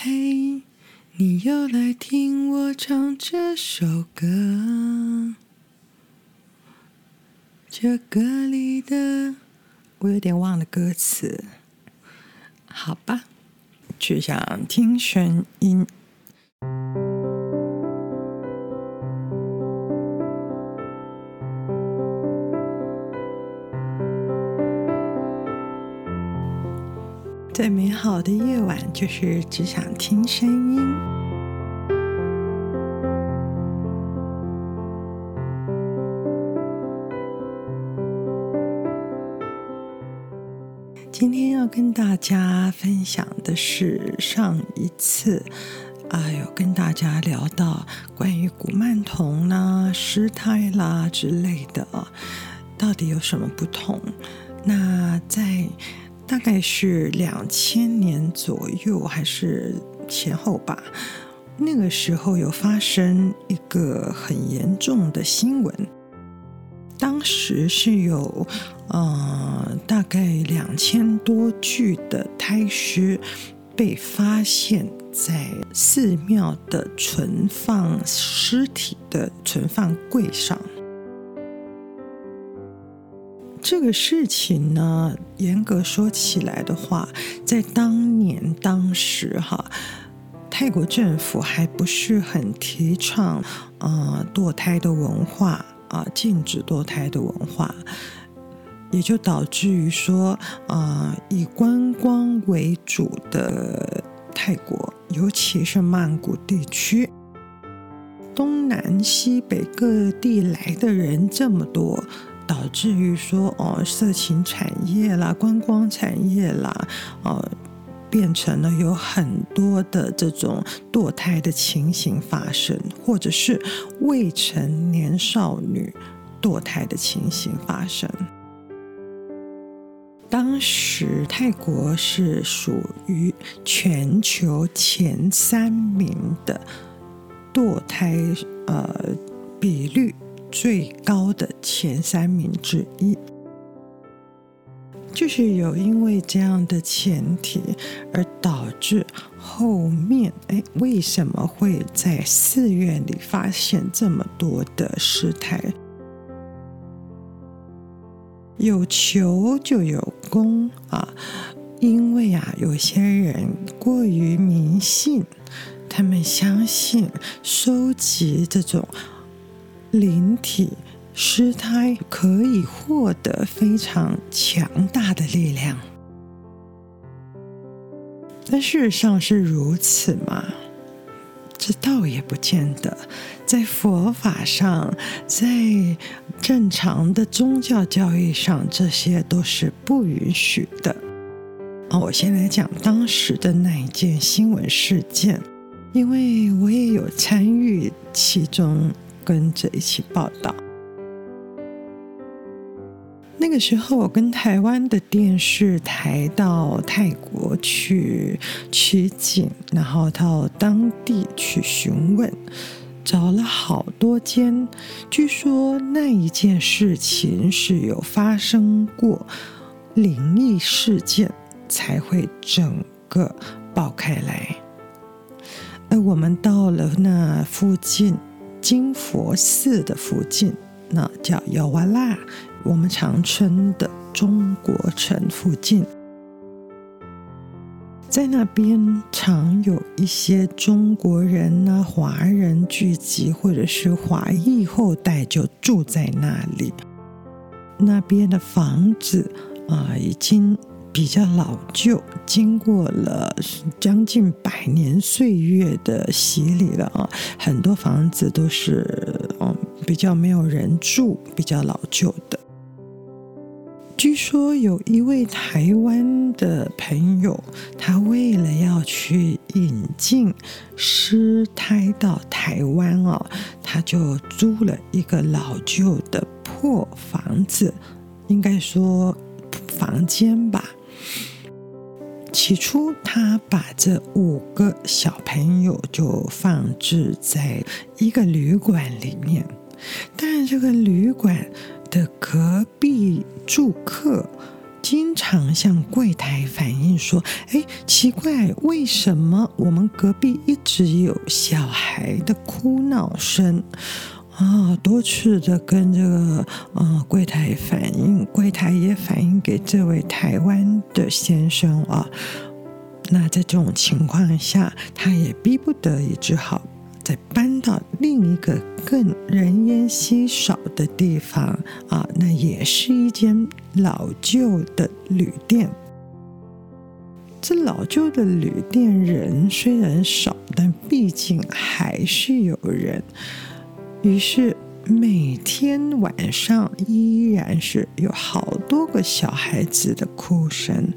嘿，hey，你又來聽我唱這首歌，這歌裡的我有點忘了歌詞，好吧，就想聽懸音。最美好的夜晚就是只想聽聲音。今天要跟大家分享的是上一次，哎、啊、呦，跟大家聊到關於古曼童、啊、失啦、屍胎啦之類的，到底有什麼不同？那在。大概是兩千年左右，還是前後吧。那個時候有發生一個很嚴重的新聞，當時是有，呃，大概兩千多具的胎屍被發現，在寺廟的存放屍體的存放櫃上。這個事情呢，嚴格說起來的話，在當年當時哈，泰國政府還不是很提倡啊、呃、墮胎的文化啊、呃，禁止墮胎的文化，也就導致於說啊、呃，以觀光為主的泰國，尤其是曼谷地區，東南西北各地來的人這麼多。導致於說，哦，色情產業啦，觀光產業啦，哦、呃，變成了有很多的這種墮胎的情形發生，或者是未成年少女墮胎的情形發生。當時泰國是屬於全球前三名的墮胎呃比率。最高的前三名之一，就是有因為這樣的前提而導致後面哎，為什麼會在寺院裡發現這麼多的屍胎？有求就有功啊，因為啊，有些人過於迷信，他們相信收集這種。靈體屍胎可以獲得非常強大的力量，但事實上是如此嗎？這倒也不見得。在佛法上，在正常的宗教教育上，這些都是不允許的。我先來講當時的那一件新聞事件，因為我也有參與其中。跟着一起報道。那個時候，我跟台灣的電視台到泰國去取景，然後到當地去詢問，找了好多間。據說那一件事情是有發生過靈異事件才會整個爆開來。而我們到了那附近。金佛寺的附近，那叫耀華力。我們常稱的中國城附近，在那邊常有一些中國人吶、啊、華人聚集，或者是華裔後代就住在那裡。那邊的房子啊、呃，已經。比較老舊，經過了將近百年歲月的洗禮了啊、哦，很多房子都是嗯比較沒有人住，比較老舊的。據說有一位台灣的朋友，他為了要去引進屍胎到台灣哦，他就租了一個老舊的破房子，應該說房間吧。起初，他把這五個小朋友就放置在一個旅館裡面，但這個旅館的隔壁住客經常向櫃台反映說：“誒，奇怪，為什麼我們隔壁一直有小孩的哭鬧聲？”啊、哦，多次的跟這個呃櫃台反映，櫃台也反映給這位台灣的先生啊。那在這種情況下，他也逼不得已好，只好再搬到另一個更人煙稀少的地方啊。那也是一間老舊的旅店。這老舊的旅店人雖然少，但畢竟還是有人。於是每天晚上依然是有好多個小孩子的哭聲。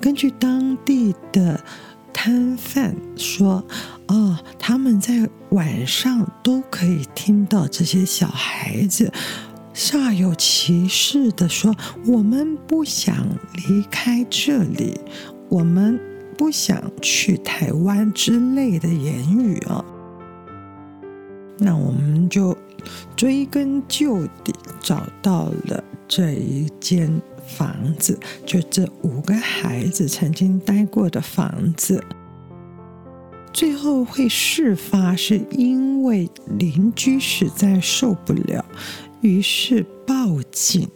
根據當地的攤販說，哦，他們在晚上都可以聽到這些小孩子煞有其事地說：“我們不想離開這裡，我們不想去台灣”之類的言語哦。那我們就追根究底，找到了這一間房子，就這五個孩子曾經待過的房子。最後會事發，是因為鄰居實在受不了，於是報警，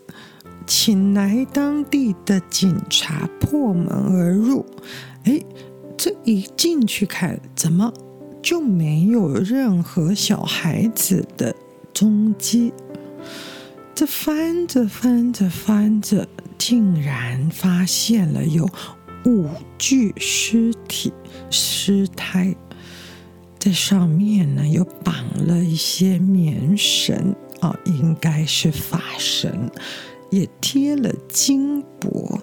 請來當地的警察破門而入。哎，這一進去看，怎麼？就沒有任何小孩子的蹤跡，這翻着翻着翻着，竟然發現了有五具屍體屍胎，這上面呢，又綁了一些棉繩啊、哦，應該是法繩，也貼了金箔。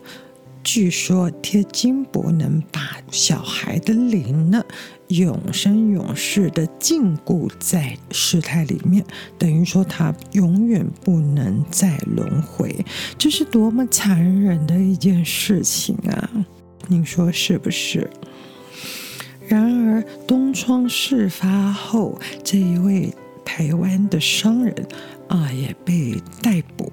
據說貼金箔能把小孩的靈呢。永生永世的禁錮在屍胎裡面，等於說他永遠不能再輪迴，這是多麽殘忍的一件事情啊！您說是不是？然而東窗事發後，這一位台灣的商人啊，也被逮捕。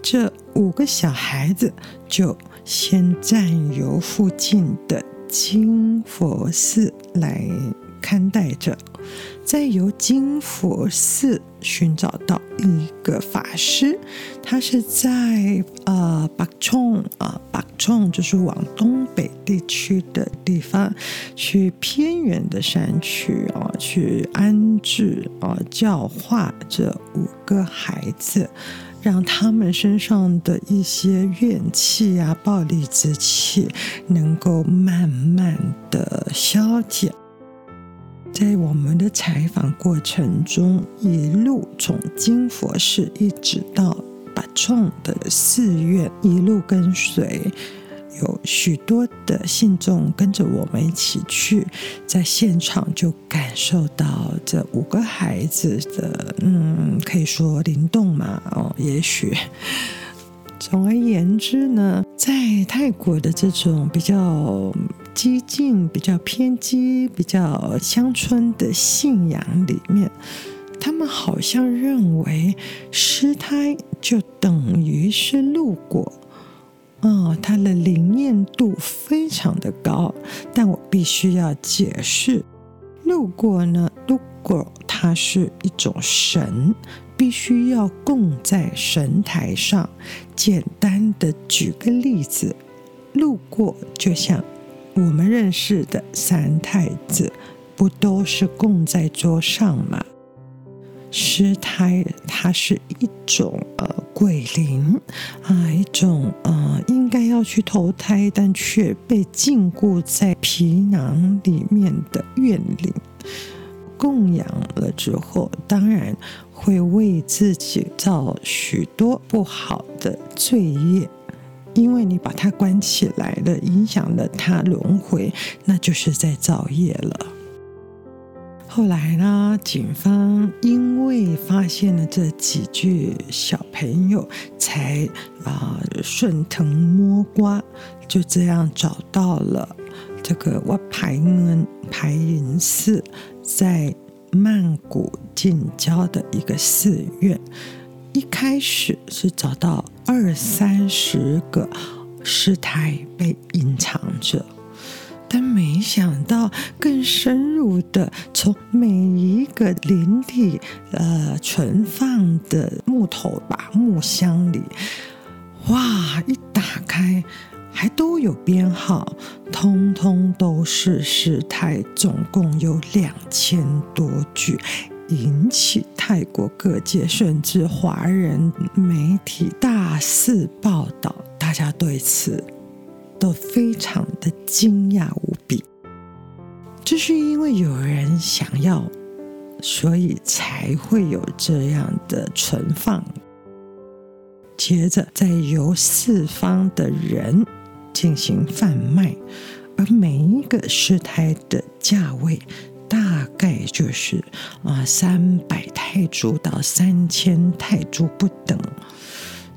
這五個小孩子就先暫由附近的。金佛寺來看待着，再由金佛寺尋找到一個法師，他是在呃八沖啊，八沖、呃、就是往東北地區的地方，去偏遠的山區啊、呃，去安置啊、呃、教化這五個孩子。讓他們身上的一些怨氣呀、啊、暴戾之氣，能夠慢慢的消解。在我們的採訪過程中，一路從金佛寺一直到八重的寺院，一路跟隨。有許多的信眾跟着我們一起去，在現場就感受到這五個孩子的，嗯，可以說靈動嘛，哦，也許。總而言之呢，在泰國的這種比較激進、比較偏激、比較鄉村的信仰裡面，他們好像認為屍胎就等於是路過。哦，它的靈驗度非常的高，但我必須要解釋，如果呢，如果它是一種神，必須要供在神檯上。簡單的舉個例子，路過就像我們認識的三太子，不都是供在桌上嗎？屍胎，它是一種呃鬼靈啊，一種呃應該要去投胎，但卻被禁錮在皮囊裡面的怨靈。供養了之後，當然會為自己造許多不好的罪業，因為你把它關起來了，影響了它輪迴，那就是在造業了。後來呢，警方因為發現了這幾具小朋友才、才，呃、啊順藤摸瓜，就這樣找到了這個瓦排恩排人寺，在曼谷近郊的一個寺院。一開始是找到二三十個屍胎被隱藏着。但沒想到，更深入的從每一個林地呃存放的木頭吧、木箱裡，哇，一打開還都有編號，通通都是屍胎，總共有兩千多具，引起泰國各界甚至華人媒體大肆報道，大家對此。都非常的驚訝無比，這、就是因為有人想要，所以才會有這樣的存放。接着再由四方的人進行販賣，而每一個屍胎的價位大概就是啊三百泰銖到三千泰銖不等，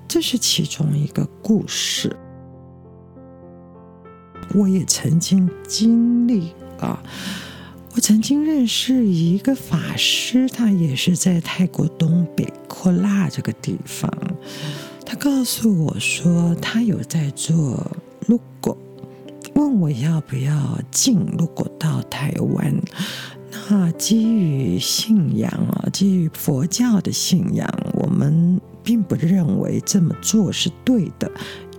這是其中一個故事。我也曾經經歷啊，我曾經認識一個法師，他也是在泰國東北廓叻這個地方。他告訴我說，他有在做路過，如果問我要不要進入到台灣？那基於信仰啊，基於佛教的信仰，我們並不認為這麼做是對的，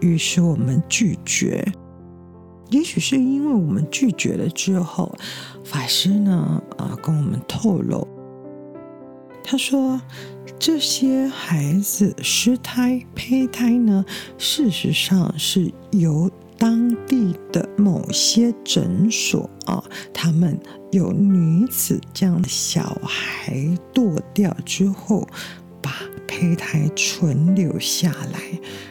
於是我們拒絕。也許是因為我們拒絕了之後，法師呢啊跟我們透露，他說這些孩子屍胎胚胎呢，事實上是由當地的某些診所啊，他們有女子將小孩墮掉之後，把胚胎存留下來，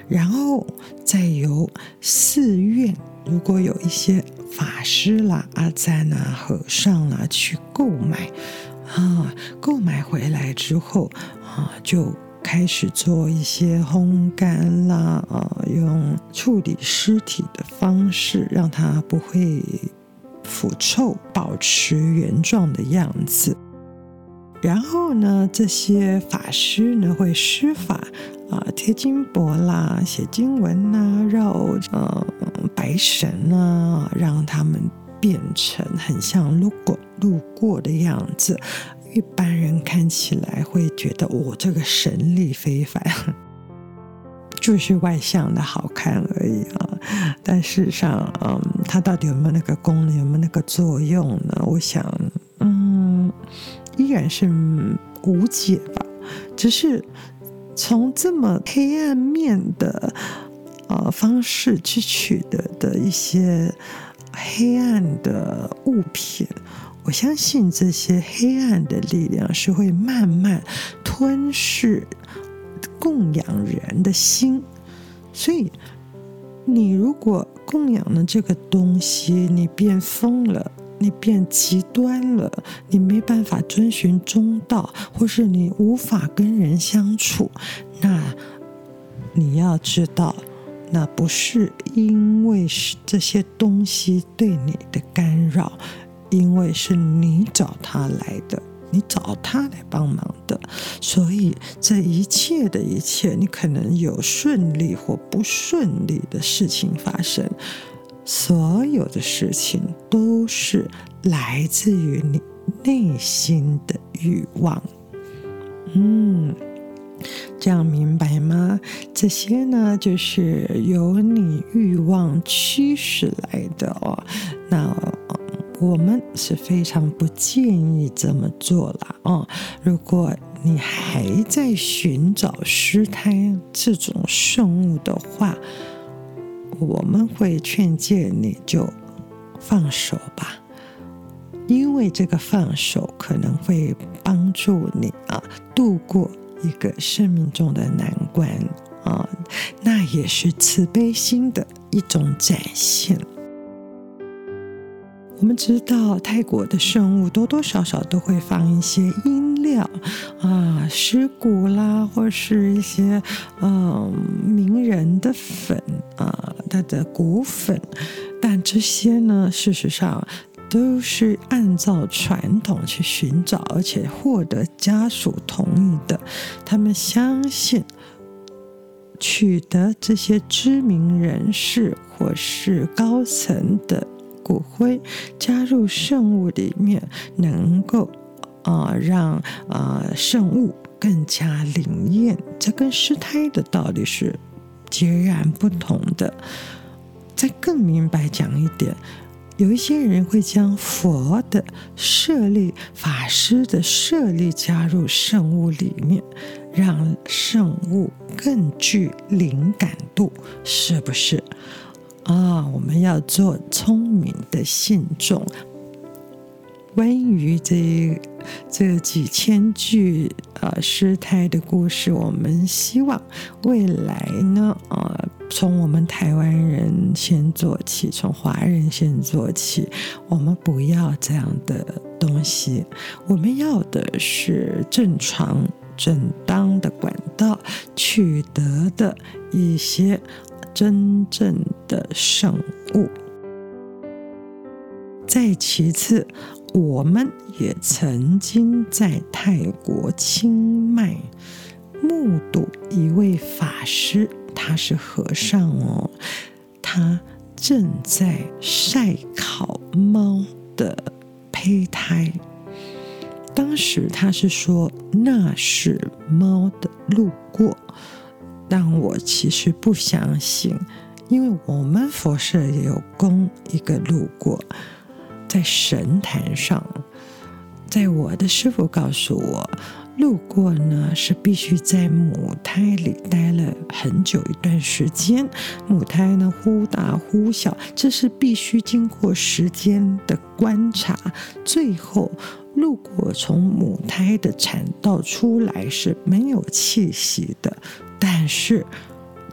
然後再由寺院。如果有一些法師啦、阿贊吶、和尚啦去購買，啊，購買回來之後，啊，就開始做一些烘乾啦，啊，用處理屍體的方式，讓它不會腐臭，保持原狀的樣子。然後呢，這些法師呢會施法，啊，貼金箔啦，寫經文吶，繞，呃、啊白神呢、啊，讓他們變成很像路過、路過的樣子，一般人看起來會覺得我、哦、這個神力非凡， 就是外相的好看而已啊。但事實上，嗯，他到底有沒有那個功能，有沒有那個作用呢？我想，嗯，依然是無解吧。只是從這麼黑暗面的。呃，方式去取得的一些黑暗的物品，我相信這些黑暗的力量是會慢慢吞噬供養人的心。所以，你如果供養的這個東西，你變瘋了，你變極端了，你沒辦法遵循中道，或是你無法跟人相處，那你要知道。那不是因為是這些東西對你的干擾，因為是你找他來的，你找他來幫忙的，所以這一切的一切，你可能有順利或不順利的事情發生。所有的事情都是來自於你內心的欲望。嗯。這樣明白嗎？這些呢，就是由你慾望驅使來的哦。那我們是非常不建議這麼做了哦。如果你還在尋找屍胎這種聖物的話，我們會勸誡你就放手吧，因為這個放手可能會幫助你啊度過。一個生命中的難關啊，那也是慈悲心的一種展現。我們知道，泰國的聖物多多少少都會放一些陰料啊，屍骨啦，或是一些嗯、啊、名人的粉啊，他的骨粉。但這些呢，事實上。都是按照傳統去尋找，而且獲得家屬同意的。他們相信，取得這些知名人士或是高層的骨灰加入聖物裡面，能夠啊、呃、讓啊、呃、聖物更加靈驗。這跟屍胎的道理是截然不同的。再更明白講一點。有一些人會將佛的舍利、法師的舍利加入聖物裡面，讓聖物更具靈感度，是不是？啊、哦，我們要做聰明的信眾。關於這這幾千具呃屍胎的故事，我們希望未來呢呃，從我們台灣人先做起，從華人先做起，我們不要這樣的東西，我們要的是正常正當的管道取得的一些真正的聖物。再其次。我們也曾經在泰國清邁目睹一位法師，他是和尚哦，他正在曬烤貓的胚胎。當時他是說那是貓的路過，但我其實不相信，因為我們佛舍也有供一個路過。在神壇上，在我的師傅告訴我，路過呢是必須在母胎裡待了很久一段時間，母胎呢忽大忽小，這是必須經過時間的觀察。最後，路過從母胎的產道出來是沒有氣息的，但是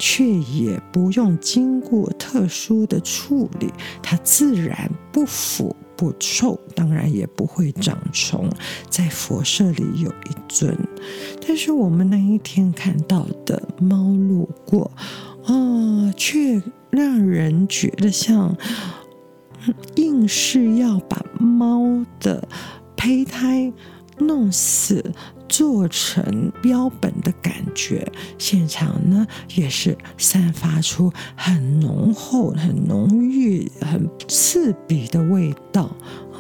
卻也不用經過特殊的處理，它自然不腐。不臭，當然也不會長蟲。在佛舍裡有一尊，但是我們那一天看到的貓路過，啊、呃，卻讓人覺得像硬是要把貓的胚胎弄死。做成標本的感覺，現場呢也是散發出很濃厚、很濃郁、很刺鼻的味道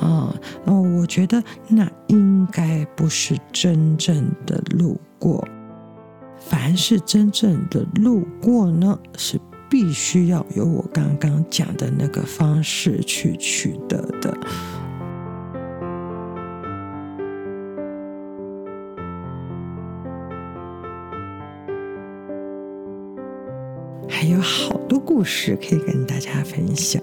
啊、嗯！那我覺得那應該不是真正的路過。凡是真正的路過呢，是必須要有我剛剛講的那個方式去取得的。還有好多故事可以跟大家分享。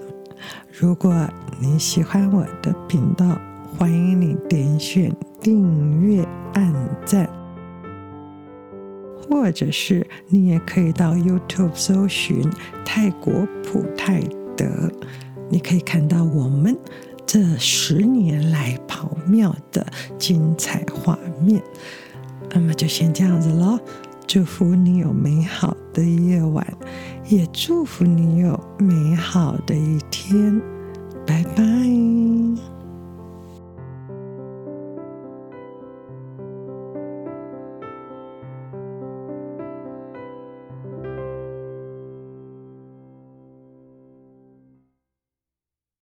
如果你喜歡我的頻道，歡迎你點選訂閱、按讚，或者是你也可以到 YouTube 搜尋“泰國普泰德”，你可以看到我們這十年來跑廟的精彩畫面。那麼就先這樣子嘍。祝福你有美好的夜晚，也祝福你有美好的一天。拜拜。